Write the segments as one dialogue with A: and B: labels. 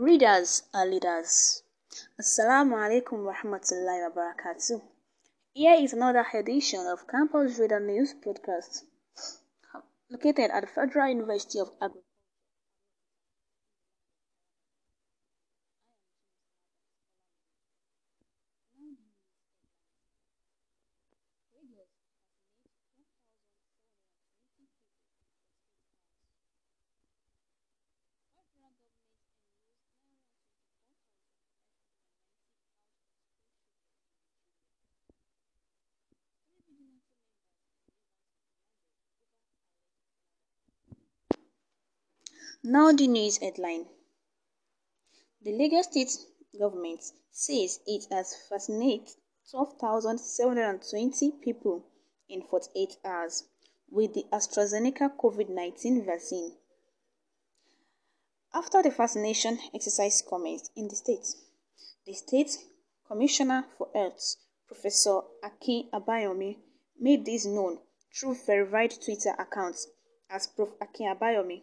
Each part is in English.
A: Readers are leaders. Assalamu alaikum warahmatullahi wabarakatuh. Here is another edition of Campus Reader News Podcast, located at Federal University of Agriculture. Now, the news headline The Lagos state government says it has vaccinated 12,720 people in 48 hours with the AstraZeneca COVID 19 vaccine after the vaccination exercise commenced in the state. The state commissioner for health, Professor Akin Abayomi, made this known through verified Twitter accounts as Prof Akin Abayomi.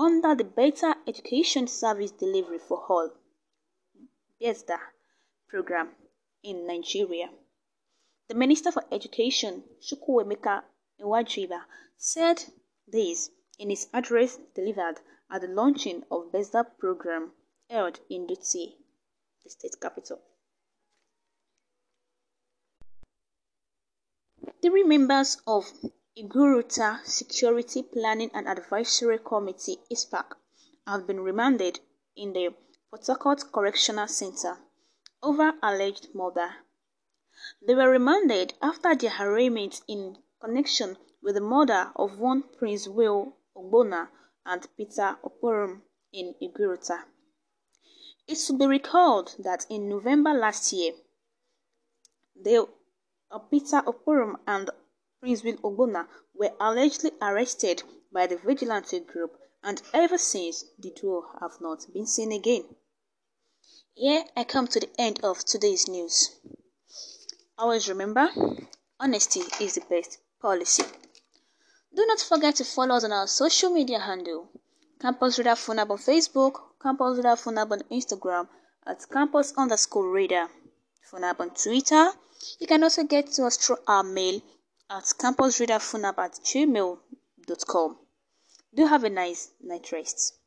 A: under the Better Education Service Delivery for All BESDA program in Nigeria. The Minister for Education, Chukwuemeka Iwajiba, said this in his address delivered at the launching of BESDA program held in Dutse, the state capital. Three members of Iguruta Security Planning and Advisory Committee ISPAC have been remanded in the Port Harcourt Correctional Center over alleged murder. They were remanded after their arraignment in connection with the murder of one Prince Will Ogbona and Peter Oporum in Iguruta. It should be recalled that in November last year, they, Peter Oporum and Princeville Ogbonna were allegedly arrested by the vigilante group and ever since the duo have not been seen again. Here I come to the end of today's news. Always remember, honesty is the best policy. Do not forget to follow us on our social media handle Campus Reader Funab on Facebook, Campus Reader Funab on Instagram, at campus underscore reader, Funab on Twitter. You can also get to us through our mail at campusreaderfunab at gmail.com. Do have a nice night rest.